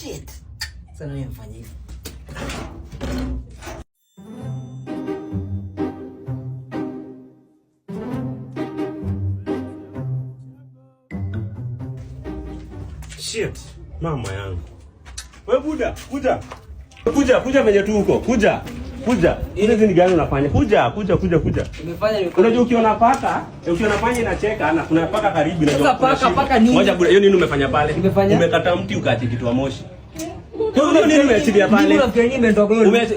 Shit. Sana nimfanyia hivi. Shit, mama yangu. Wewe buda, kuja. Kuja, kuja mbele tu huko. Kuja. Kuja. Hizi ni gani unafanya? Kuja, kuja, kuja, kuja. Nimefanya mikono. Unajua ukiona paka, ukiona panya inacheka ana kuna paka karibu na unajua. Paka paka nini? Moja bure, hiyo nini umefanya pale? Umefanya? Umekata mti ukati kitu wa moshi. Eh? Kwa hiyo nini umeachilia pale?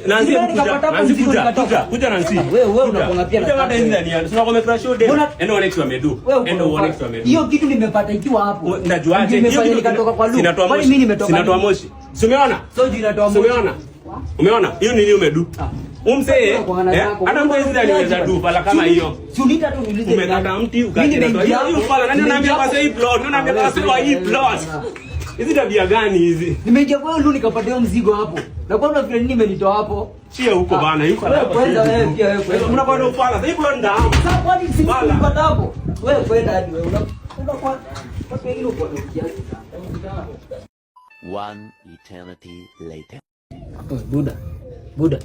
Nansi kuja. Nansi kuja. Kuja Nansi. Wewe wewe unakonga pia na. Kuja hata hizi ndani. Sina kwa crush your day. Endo next wa medu. Endo wa next wa medu. Hiyo kitu nimepata ikiwa hapo. Najuaje? Hiyo kitu nikatoka kwa lu. Kwani mimi nimetoka. Sinatoa moshi. Simeona? Soju inatoa moshi. Simeona? Umeona? Hiyo nini umedu? Umsee hata mtu hizi aliweza tu pala kama hiyo. Sunita tu niulize. Umekata mti ukakata. Hiyo pala nani anaambia kwa hii plot? Nani anaambia kwa hii plot? Hizi tabia gani hizi? Nimeingia kwa lulu nikapata mzigo hapo. Na kwa vile nini nimelitoa hapo? Chia huko ah. bana, yuko hapo. Kwenda wewe pia wewe. Unakwenda upala. Sasa hiyo ndio Sasa kwa nini sikupata hapo? Wewe kwenda hadi wewe. Unakwenda kwa kwa hilo kwa kiasi. One eternity later. Buda. Buda.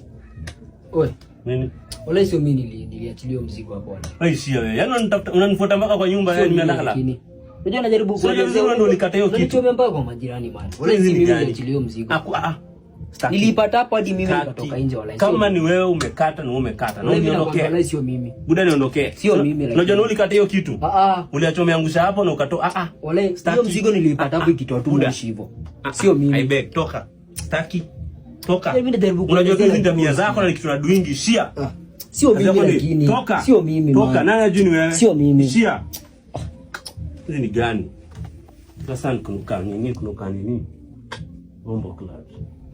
Oi. Nini? Wala sio mimi niliachiliwa mzigo hapo bwana. Ai sio wewe. Yaani unanitafuta unanifuata mpaka kwa nyumba yani nimelala. Unajua najaribu kuelezea ndio nikata hiyo kitu. Nichome mpaka kwa majirani bwana. Wala sio mimi niliachiliwa mzigo. Ah ah. Nilipata hapo hadi mimi nikatoka nje wala sio. Kama ni wewe umekata na umekata. Na uniondokee. Wala sio mimi. Buda niondokee. Sio mimi lakini. Unajua ulikata hiyo kitu. Ah ah. Uliachomeangusha hapo na ukatoa ah ah. Wala hiyo mzigo nilipata hapo ikitoa tu mshivo. Ah, sio ah, mimi. I beg toka. Staki. Toka. Yaani Unajua hizi tabia zako na kitu na doing shia. Ah, sio mimi lakini. Toka. Sio mimi. Toka. Nani ajui ni wewe? Sio mimi. Shia. Hizi ah, ni gani? Sasa nikunuka nini? Kunuka nini? Bombo club.